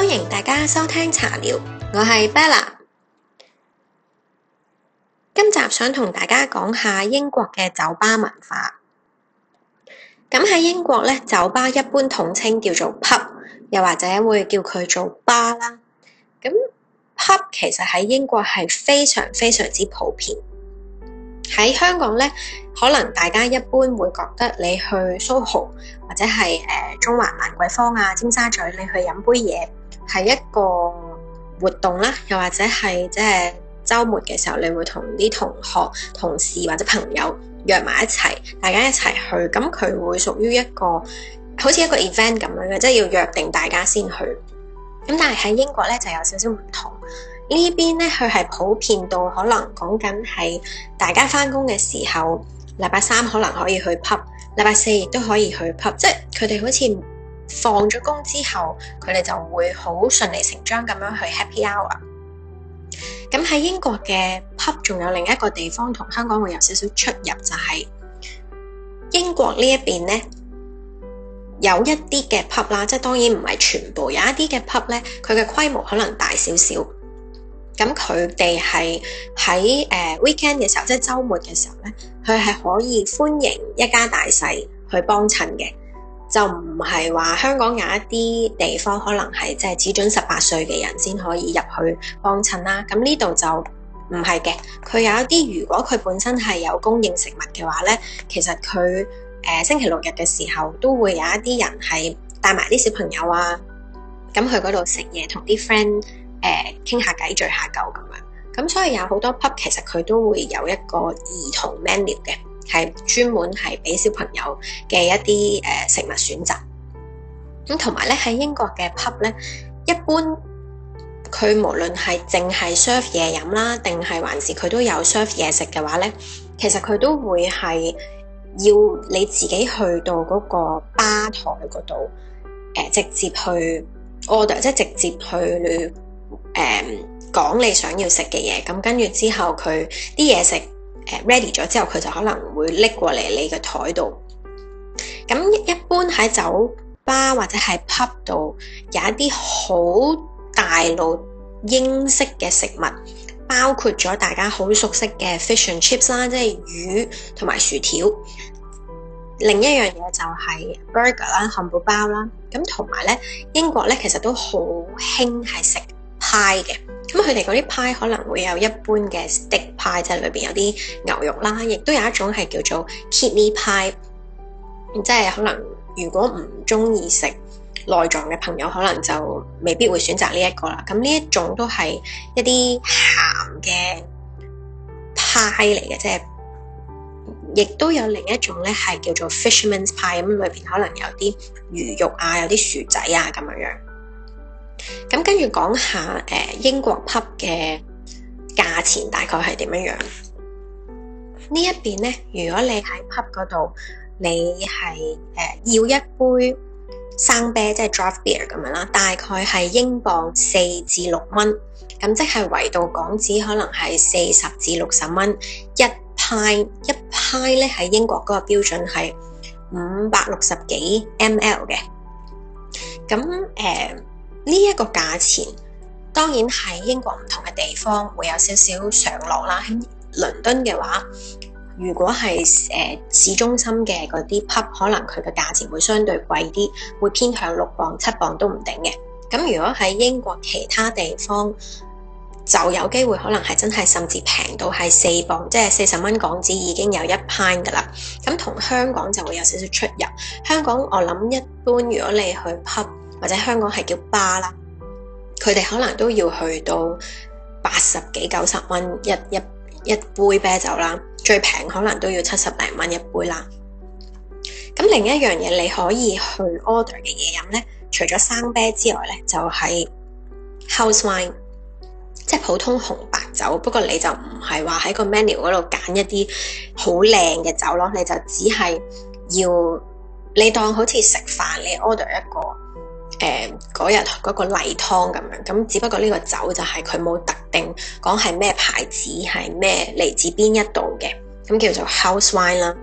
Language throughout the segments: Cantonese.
歡迎大家收聽茶聊，我係 Bella。今集想同大家講下英國嘅酒吧文化。咁喺英國咧，酒吧一般統稱叫做 pub，又或者會叫佢做 bar 啦。咁 pub 其實喺英國係非常非常之普遍。喺香港咧，可能大家一般會覺得你去 SoHo 或者係誒、呃、中環蘭桂坊啊，尖沙咀你去飲杯嘢。係一個活動啦，又或者係即係周末嘅時候，你會同啲同學、同事或者朋友約埋一齊，大家一齊去。咁佢會屬於一個好似一個 event 咁樣嘅，即係要約定大家先去。咁但係喺英國咧就有少少唔同，邊呢邊咧佢係普遍到可能講緊係大家翻工嘅時候，禮拜三可能可以去 pub，禮拜四亦都可以去 pub，即係佢哋好似。放咗工之後，佢哋就會好順理成章咁樣去 happy hour。咁喺英國嘅 pub 仲有另一個地方同香港會有少少出入，就係英國呢一邊呢有一啲嘅 pub 啦，即係當然唔係全部，有一啲嘅 pub 咧，佢嘅規模可能大少少。咁佢哋係喺誒 weekend 嘅時候，即係週末嘅時候咧，佢係可以歡迎一家大細去幫襯嘅。就唔係話香港有一啲地方可能係即係只准十八歲嘅人先可以入去幫襯啦。咁呢度就唔係嘅。佢有一啲如果佢本身係有供應食物嘅話呢，其實佢誒、呃、星期六日嘅時候都會有一啲人係帶埋啲小朋友啊，咁去嗰度食嘢，同啲 friend 誒傾下偈、聚下舊咁樣。咁所以有好多 pub 其實佢都會有一個兒童 menu 嘅。係專門係俾小朋友嘅一啲誒食物選擇。咁同埋咧，喺英國嘅 pub 咧，一般佢無論係淨係 serve 嘢飲啦，定係還是佢都有 serve 嘢食嘅話咧，其實佢都會係要你自己去到嗰個吧台嗰度，誒、呃、直接去 order，即係直接去誒、呃、講你想要食嘅嘢。咁跟住之後，佢啲嘢食 ready 咗之後，佢就可能會拎過嚟你嘅台度。咁一般喺酒吧或者喺 pub 度有一啲好大路英式嘅食物，包括咗大家好熟悉嘅 fish and chips 啦，即係魚同埋薯條。另一樣嘢就係 burger 啦，漢堡包啦。咁同埋咧，英國咧其實都好興係食派嘅。咁佢哋嗰啲派可能會有一般嘅 steak 派，即係裏邊有啲牛肉啦，亦都有一種係叫做 kidney 派，即係可能如果唔中意食內臟嘅朋友，可能就未必會選擇呢一個啦。咁呢一種都係一啲鹹嘅派嚟嘅，即係亦都有另一種咧，係叫做 fisherman's 派咁，裏邊可能有啲魚肉啊，有啲薯仔啊咁樣樣。咁跟住講下誒、呃、英國 pub 嘅價錢大概係點樣樣？呢一邊咧，如果你喺 pub 嗰度，你係誒、呃、要一杯生啤，即係 draft beer 咁樣啦，大概係英鎊四至六蚊，咁即係維到港紙可能係四十至六十蚊一派。一派咧喺英國嗰個標準係五百六十幾 mL 嘅，咁誒。呃呢一個價錢，當然喺英國唔同嘅地方會有少少上落啦。喺倫敦嘅話，如果係誒市中心嘅嗰啲 pub，可能佢嘅價錢會相對貴啲，會偏向六磅、七磅都唔定嘅。咁如果喺英國其他地方就有機會，可能係真係甚至平到係四磅，即係四十蚊港紙已經有一 pint 噶啦。咁同香港就會有少少出入。香港我諗一般，如果你去 pub，或者香港係叫巴啦，佢哋可能都要去到八十幾、九十蚊一一一杯啤酒啦。最平可能都要七十零蚊一杯啦。咁另一樣嘢你可以去 order 嘅嘢飲咧，除咗生啤之外咧，就係 house wine，即係普通紅白酒。不過你就唔係話喺個 menu 嗰度揀一啲好靚嘅酒咯，你就只係要你當好似食飯，你 order 一個。誒嗰日嗰個例湯咁樣，咁只不過呢個酒就係佢冇特定講係咩牌子，係咩嚟自邊一度嘅，咁叫做 house wine 啦。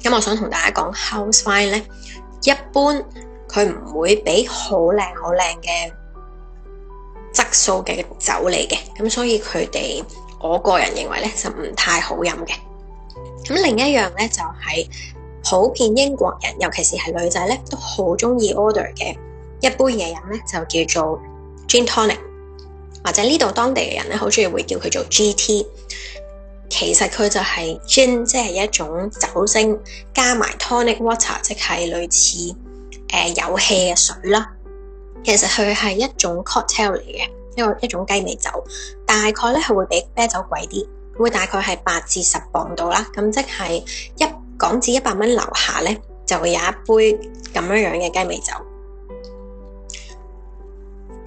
咁我想同大家講 house wine 咧，一般佢唔會俾好靚好靚嘅質素嘅酒嚟嘅，咁所以佢哋我個人認為咧就唔太好飲嘅。咁另一樣咧就係普遍英國人，尤其是係女仔咧，都好中意 order 嘅。一杯嘢飲咧就叫做 Gin Tonic，或者呢度當地嘅人咧好中意會叫佢做 GT。其實佢就係 Gin，即係一種酒精加埋 Tonic Water，即係類似誒、呃、有氣嘅水啦。其實佢係一種 cocktail 嚟嘅，一個一種雞尾酒。大概咧係會比啤酒貴啲，會大概係八至十磅度啦。咁即係一港紙一百蚊樓下咧，就會有一杯咁樣樣嘅雞尾酒。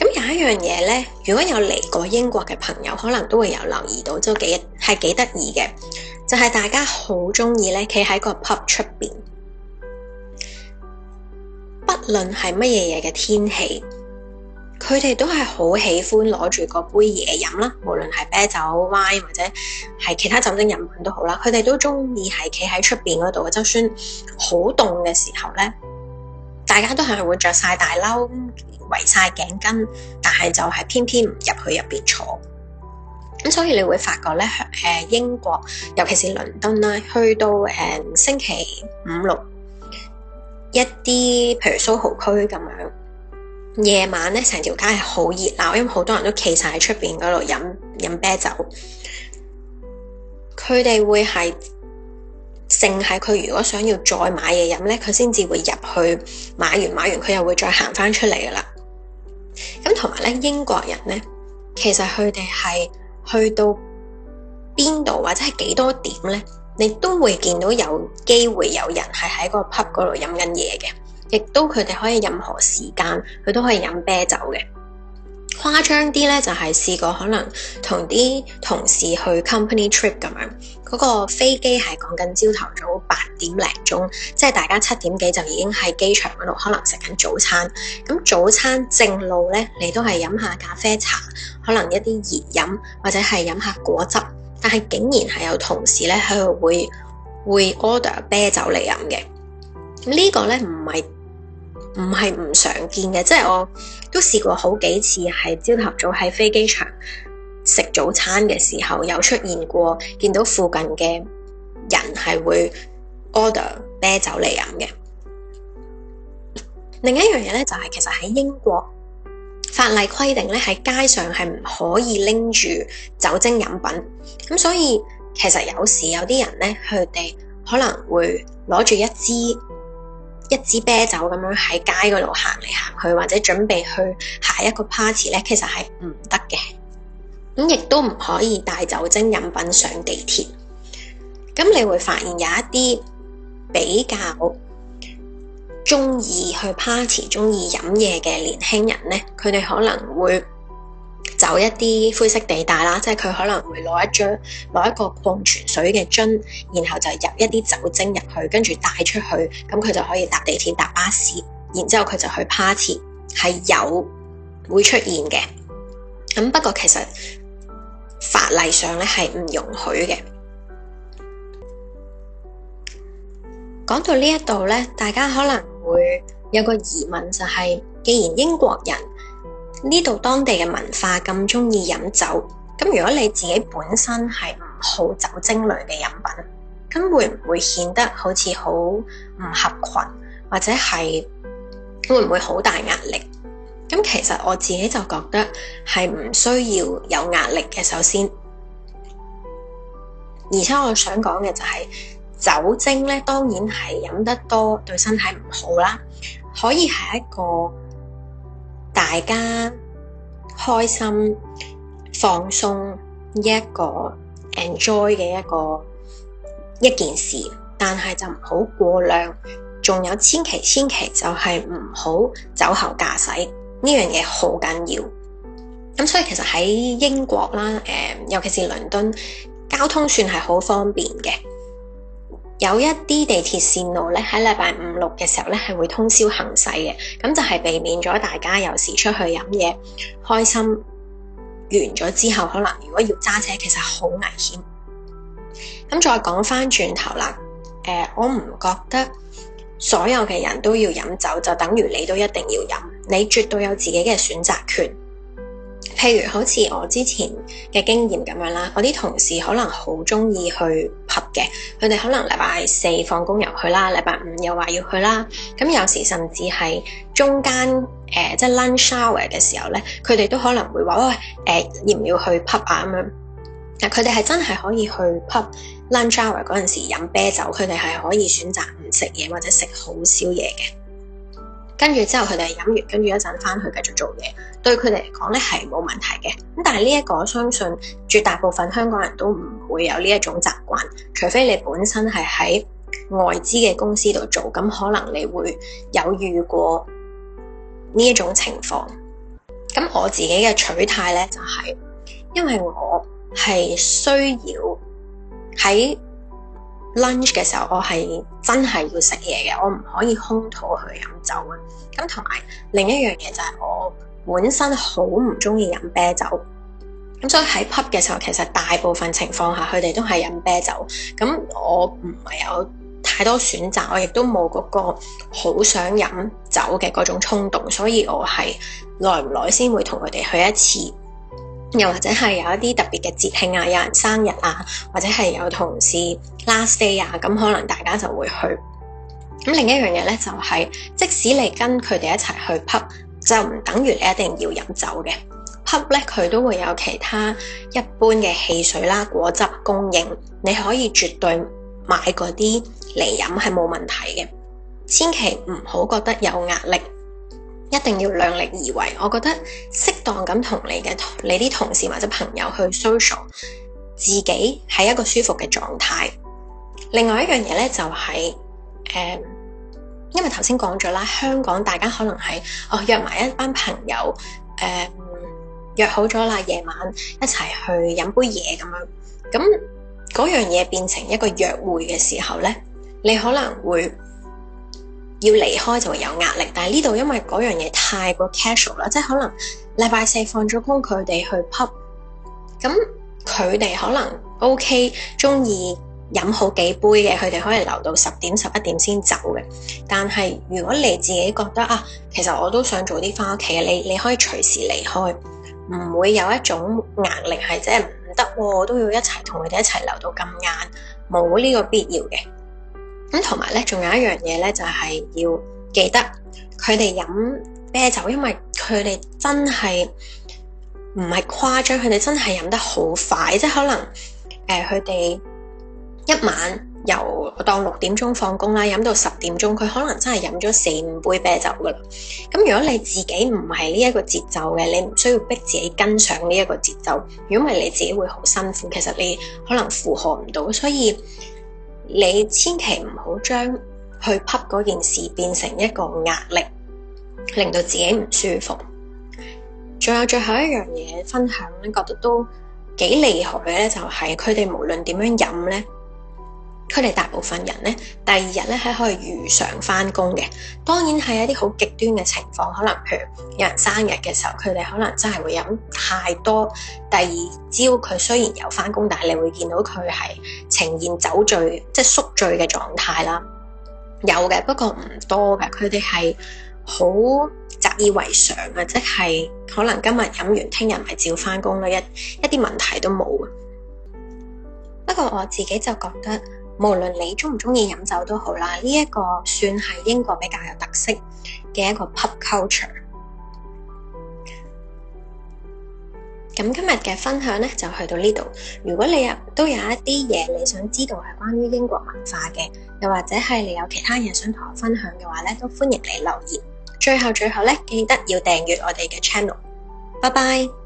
咁有一樣嘢咧，如果有嚟過英國嘅朋友，可能都會有留意到，都幾係幾得意嘅，就係大家好中意咧，企喺個 pub 出邊，不論係乜嘢嘢嘅天氣，佢哋都係好喜歡攞住個杯嘢飲啦，無論係啤酒、wine 或者係其他酒精飲品都好啦，佢哋都中意係企喺出邊嗰度嘅，就算好凍嘅時候咧。大家都係會着晒大褸圍晒頸巾，但係就係偏偏唔入去入邊坐。咁、嗯、所以你會發覺咧，誒、呃、英國尤其是倫敦啦，去到誒、呃、星期五六，一啲譬如蘇豪區咁樣，夜晚咧成條街係好熱鬧，因為好多人都企晒喺出邊嗰度飲飲啤酒，佢哋會係。淨係佢如果想要再買嘢飲咧，佢先至會入去買完買完，佢又會再行返出嚟噶啦。咁同埋咧，英國人咧，其實佢哋係去到邊度或者係幾多點咧，你都會見到有機會有人係喺嗰個 pub 嗰度飲緊嘢嘅，亦都佢哋可以任何時間佢都可以飲啤酒嘅。誇張啲咧，就係試過可能同啲同事去 company trip 咁樣，嗰個飛機係講緊朝頭早八點零鐘，即係大家七點幾就已經喺機場嗰度，可能食緊早餐。咁早餐正路咧，你都係飲下咖啡茶，可能一啲熱飲或者係飲下果汁。但係竟然係有同事咧喺度會會 order 啤酒嚟飲嘅，這個、呢個咧唔係。唔係唔常見嘅，即係我都試過好幾次，喺朝頭早喺飛機場食早餐嘅時候，有出現過見到附近嘅人係會 order 啤酒嚟飲嘅。另一樣嘢咧、就係，就係其實喺英國法例規定咧，喺街上係唔可以拎住酒精飲品，咁所以其實有時有啲人咧，佢哋可能會攞住一支。一支啤酒咁樣喺街度行嚟行去，或者準備去下一個 party 咧，其實係唔得嘅。咁亦都唔可以帶酒精飲品上地鐵。咁你會發現有一啲比較中意去 party，中意飲嘢嘅年輕人咧，佢哋可能會。走一啲灰色地帶啦，即係佢可能會攞一張，攞一個礦泉水嘅樽，然後就入一啲酒精入去，跟住帶出去，咁佢就可以搭地鐵、搭巴士，然之後佢就去 party，係有會出現嘅。咁不過其實法例上咧係唔容許嘅。講到呢一度咧，大家可能會有個疑問，就係既然英國人。呢度當地嘅文化咁鍾意飲酒，咁如果你自己本身係唔好酒精類嘅飲品，咁會唔會顯得好似好唔合群，或者係會唔會好大壓力？咁其實我自己就覺得係唔需要有壓力嘅。首先，而且我想講嘅就係、是、酒精咧，當然係飲得多對身體唔好啦，可以係一個，大家開心放鬆一個 enjoy 嘅一個一件事，但係就唔好過量，仲有千祈千祈就係唔好酒後駕駛，呢樣嘢好緊要。咁所以其實喺英國啦，誒，尤其是倫敦，交通算係好方便嘅。有一啲地鐵線路咧，喺禮拜五六嘅時候咧，係會通宵行駛嘅，咁就係避免咗大家有時出去飲嘢開心完咗之後，可能如果要揸車其實好危險。咁再講翻轉頭啦，誒、呃，我唔覺得所有嘅人都要飲酒就等於你都一定要飲，你絕對有自己嘅選擇權。譬如好似我之前嘅經驗咁樣啦，我啲同事可能好中意去 pub 嘅，佢哋可能禮拜四放工入去啦，禮拜五又話要去啦，咁有時甚至係中間誒、呃、即係 lunch hour 嘅時候咧，佢哋都可能會話：喂、呃、誒，要唔要去 pub 啊？咁樣，但佢哋係真係可以去 pub lunch hour 嗰陣時飲啤酒，佢哋係可以選擇唔食嘢或者食好少嘢嘅。跟住之後佢哋係飲完，跟住一陣翻去繼續做嘢，對佢哋嚟講呢係冇問題嘅。咁但係呢一個，我相信絕大部分香港人都唔會有呢一種習慣，除非你本身係喺外資嘅公司度做，咁可能你會有遇過呢一種情況。咁我自己嘅取態呢，就係，因為我係需要喺。Lunch 嘅時候，我係真係要食嘢嘅，我唔可以空肚去飲酒啊。咁同埋另一樣嘢就係、是、我本身好唔中意飲啤酒，咁所以喺 pub 嘅時候，其實大部分情況下佢哋都係飲啤酒。咁我唔係有太多選擇，我亦都冇嗰個好想飲酒嘅嗰種衝動，所以我係耐唔耐先會同佢哋去一次。又或者係有一啲特別嘅節慶啊，有人生日啊，或者係有同事 last day 啊，咁可能大家就會去。咁另一樣嘢咧就係、是，即使你跟佢哋一齊去 pub，就唔等於你一定要飲酒嘅。Pub 咧佢都會有其他一般嘅汽水啦、果汁供應，你可以絕對買嗰啲嚟飲係冇問題嘅。千祈唔好覺得有壓力。一定要量力而為，我覺得適當咁同你嘅你啲同事或者朋友去 social，自己喺一個舒服嘅狀態。另外一樣嘢咧就係、是，誒、嗯，因為頭先講咗啦，香港大家可能係哦約埋一班朋友，誒、嗯、約好咗啦，夜晚一齊去飲杯嘢咁樣，咁嗰樣嘢變成一個約會嘅時候咧，你可能會。要離開就會有壓力，但係呢度因為嗰樣嘢太過 casual 啦，即係可能禮拜四放咗工，佢哋去 pub，咁佢哋可能 OK 中意飲好幾杯嘅，佢哋可以留到十點十一點先走嘅。但係如果你自己覺得啊，其實我都想早啲返屋企嘅，你你可以隨時離開，唔會有一種壓力係即係唔得，我都要一齊同佢哋一齊留到咁晏，冇呢個必要嘅。咁同埋咧，仲有一樣嘢咧，就係要記得，佢哋飲啤酒，因為佢哋真係唔係誇張，佢哋真係飲得好快，即係可能誒，佢哋、呃、一晚由我當六點鐘放工啦，飲到十點鐘，佢可能真係飲咗四五杯啤酒噶啦。咁如果你自己唔係呢一個節奏嘅，你唔需要逼自己跟上呢一個節奏，如果唔係你自己會好辛苦，其實你可能負荷唔到，所以。你千祈唔好將去 pub 嗰件事變成一個壓力，令到自己唔舒服。仲有最後一樣嘢分享咧，覺得都幾厲害嘅咧，就係佢哋無論點樣飲咧。佢哋大部分人咧，第二日咧係可以如常翻工嘅。當然係一啲好極端嘅情況，可能譬如有人生日嘅時候，佢哋可能真係會飲太多。第二朝佢雖然有翻工，但係你會見到佢係呈現酒醉，即係宿醉嘅狀態啦。有嘅，不過唔多嘅。佢哋係好習以為常嘅，即係可能今日飲完，聽日咪照翻工啦。一一啲問題都冇。不過我自己就覺得。無論你鍾唔鍾意飲酒都好啦，呢、這、一個算係英國比較有特色嘅一個 pub culture。咁今日嘅分享呢，就去到呢度。如果你有都有一啲嘢你想知道係關於英國文化嘅，又或者係你有其他嘢想同我分享嘅話咧，都歡迎你留言。最後最後咧，記得要訂閱我哋嘅 channel。拜拜。